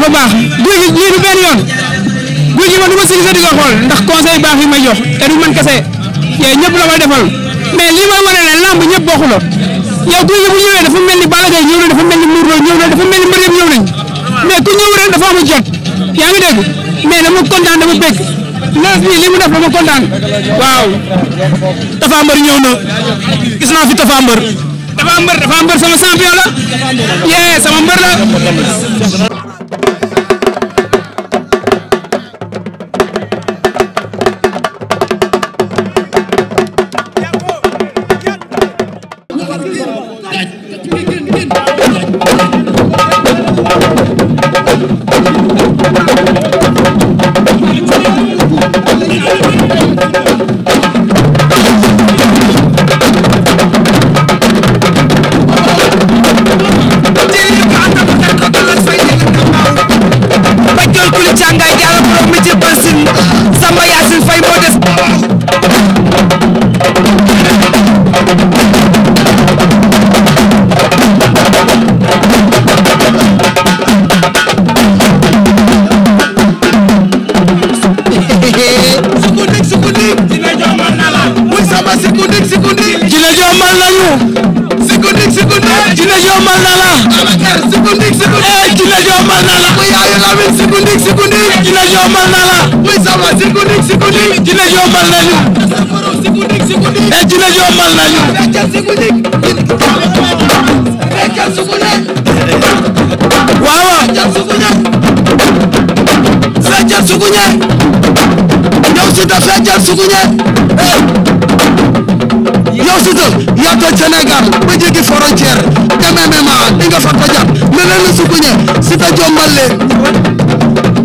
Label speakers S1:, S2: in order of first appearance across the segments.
S1: dafa baax guy gi lii du benn yoon guy gi ma si gisee di ko xool ndax conseil baax yi may jox te du man kese yooyu ñëpp la ma defal mais li ma a ne lamb ñëpp bokkuloo yow guy gi bu ñëwee dafa mel ni Balla Gaye ñëw na dafa mel ni Modou Lô ñëw na dafa mel ni mbër yëpp ñëw dafa am yaa ngi dégg mais dama kontaan dama bëgg neuf bi li mu def dama kontaan waaw. Tapha Mbeur ñëw gis naa fi Tapha Mbeur. Tapha Mbeur Tapha Mbeur sama champion la yee sama mbër la. yombal na la muy sama sikudik sikudik dina yombal nañu sikudik sikudik e eh, dina yombal nañu sikudik rekkal sukunek waaw waaw sukunek feccal sukunek yow Siteu feccal sukunek eh. yow Siteu yaa toj Sénégal ba jéggi frontière dem MMA di nga fa ko jàpp ne leen sukunek Siteu jombal leen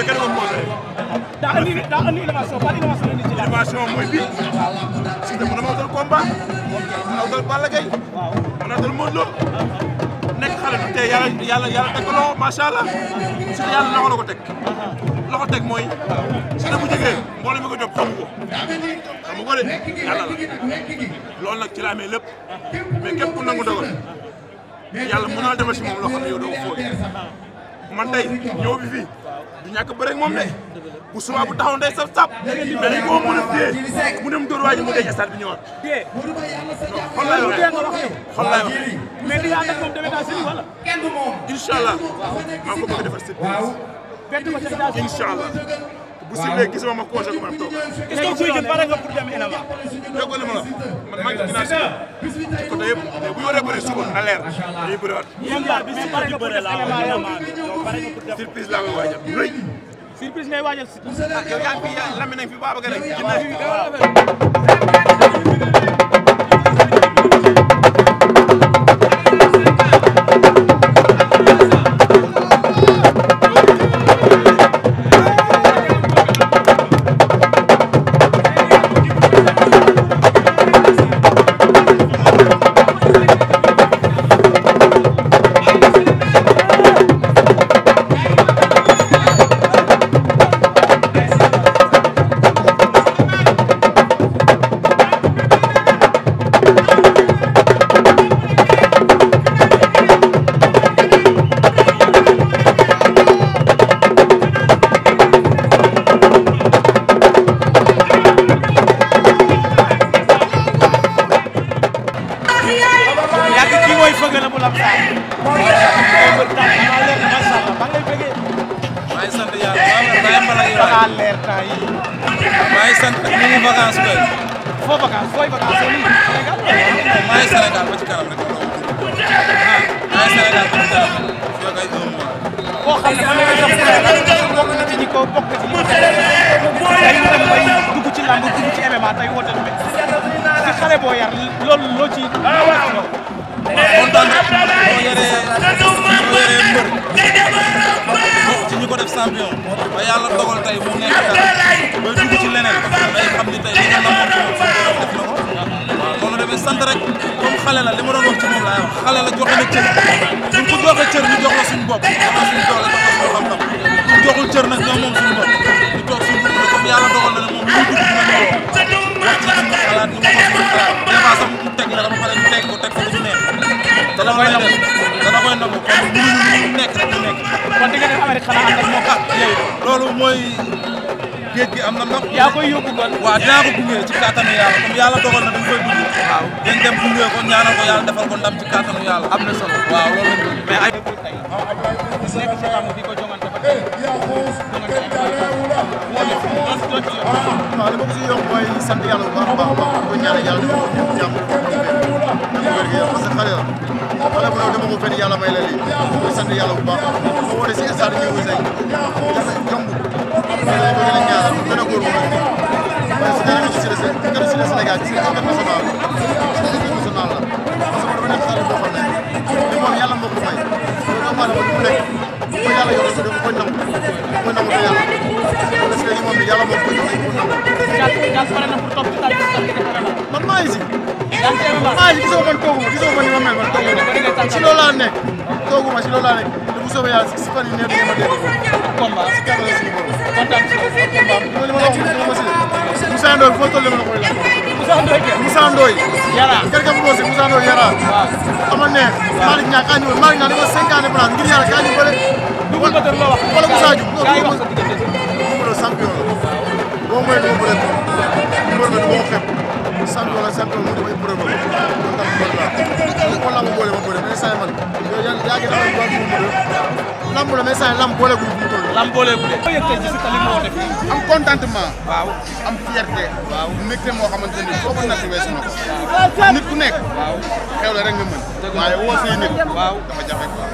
S1: de kenn moom moo daa andi daa andi innovation ban innovation la ci innovation mooy bi si dama dama dal combat nekk xale bi te yàlla teg ko loxo macha allah si yàlla loxo la teg loxo teg mooy si ne bu jógee mi ko jóg xamu ko xamu ko de yàlla la loolu nag ci la amee lépp mais képp ku nangu dogal yàlla mën si moom loo xam ne yow doo tey ñëw bi du ñàkk bëre ak moom de bu suba bu taxaw ndey saf sap dañu koo mën a téye mu dem dóor waa ji mu deñ stade bi ñëwaat xol lay wax xol lay wax mais di ànd ak moom demee daa sëriñ bu sifflé gisuma ma conseil ko ma toog. est-ce que kuy gën pare nga pour dem MMA. déggoo li ma la man maa ngi ci naan ci côté yëpp mais bu ñu waree bëri suba na leer dañuy bëriwaat. yéen daal bi pare nga pour def MMA surprise laa koy waajal rëy. surprise ngay waajal si. Ah, yow yaa ngi fi yaa lammi nañ fi baaba ga rek. bu lam sa beur ta ma leer ma sa ba ngay bëgg maa ngi sant yàlla maa ma lay fa leer temps yi maa ngi sant ak ñu vacances koy foo vacances fooy vacances ni Sénégal maa ngi Sénégal ba ci kanam rek maa ngi Sénégal ba ci kanam fi ak ay doom boo xam ne man nga jox ko bokk na ci ñi ko bokk ci ay dem bay dugg ci lamb dugg ci MMA tey woote na ci xale boo yar loolu loo ci kontaan moo yore moo yore mbër bokk ci ñi ko def champion ba yàlla dogal tey mu nekk dara bay dugg ci leneen day xam ni tey li nga namoon ci moom suñu borom def na ko waaw loolu demee sant rek comme xale la li ma doon wax ci moom laay wax xale la joxe na cër suñ ko joxe cër ñu jox la suñu bopp jox la suñu doole jox la suñu xam-xam ñu joxul cër nag ñoom moom suñu bopp dana koy nangu dana koy nangu kon bu mu nekk bu nekk. kon di nga def Amérique xanaa ànd ak moo xaar ah, loolu mooy géej gi am na ndox. yaa koy yóbbu kon. waaw dinaa ko gunge ci kattanu yàlla comme yàlla dogal koy dugg. waaw dañ dem gunge ko ñaanal ko yàlla defal ko ndam ci kattanu yàlla. am na solo waaw loolu ay. nekk ci xam di ko jongante ba tey jongante waaw li ma ko siy yokk a wér gi yaram sa xale la xale bu ndaw dama ko fenn yàlla may la lii muy sant yàlla bu baax ma wane si stade bi muy sëñ jafe yombul mais dañ ko gën a ñaanal gën a góorgóorlu mais su ñu ci Sénégal gën a Sénégal ci international ci international la parce que dama nekk xale boo xam ne li moom yàlla moo ko may doomu aadama du mu nekk mooy yàlla yor si dafa koy nangu mooy nangu te yàlla parce que li moom yàlla moo ko jox ay pour nangu man maa ngi si maa ngi gisoo man toogu ma gisoo ma ni ma mel man toogu ma si loolu laa nekk toogu ma si loolu laa nekk te bu soobee yàlla si fan yi nekk ma dégg combat si kàddu la suñu borom kontaan si combat li ma la wax ma ma si Moussa Ndoye foo toll ma la koy laaj Moussa Ndoye Moussa Ndoye yara kër ga bu ko si Moussa Ndoye yara ama neex Malick Niang kaa ñëw Malick Niang dafa cinquante place ngir yàlla kaa ñu bëre wala Moussa Diouf loolu champion la boo mooy boo bëre mbër la du ma ko xeeb sant wala sant mu def épreuve am loolu tam mu boole ma bëri mais saa yi man yaa yaa ngi la mais saa yi lamb boole gu mu toll. boole gu de. boo moo xamante ni foo ko natt weesu na ko. nit ku nekk. waaw xew la rek nga mën. dëgg la waaye woo say nit. waaw dafa jafe quoi.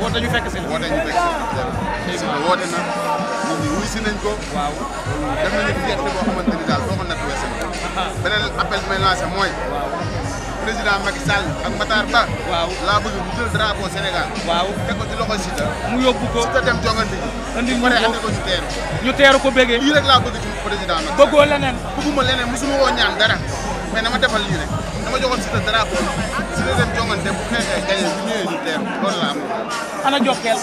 S1: woote ñu fekk na nit ñi wuy si nañ ko. waaw def nañu fierté boo xamante beneen appel bi may lancé mooy. président Macky Sall ak Matar Ba. waaw laa bëgg bu jël drapeau Sénégal. waaw teg ko ci loxo Siteu. mu yóbbu ko Siteu dem jongante ji. andi ñu andi ko teeru. ñu teeru ko bégee. lii rek laa bëgg ci président Macky Sall. bëggoo leneen. bëgguma leneen mosuma woo ñaan dara mais ma defal lii rek dama joxoon Siteu drapeau Siteu dem jongante bu xeexee gañe bu ñëwee ñu teeru loolu laa ana jokkeel.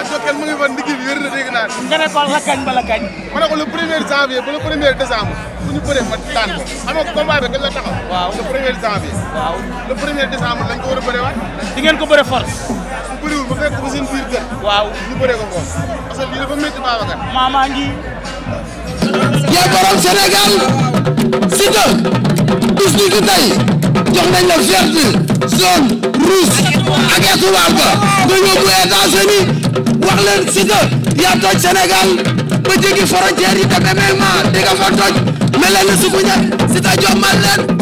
S1: ak Jokal mu ngi fa ndigil wér na dégg naa. nga ne ko kañ ba la kañ. ma ne ko le premier janvier ba le premier décembre bu ñu bëree ma tànn ko xam nga combat bi gën la taxaw. waaw le premier janvier. waaw le premier décembre lañ ko war a bëriwaat. di ngeen ko bëri force. bu bëriwul ba fekk ko seen biir waaw ñu bëree ko force parce que lii dafa métti Babacar. maama ngi. yow borom Sénégal. Siteu. bis ni ki tey jox nañ la verte zone rouge ak étoile ba nga yóbbu wax leen a yaa toj Sénégal ba jéggi frontière yi dem MMA di nga fa toj mel leen ne suku ñëpp Siteu jommal leen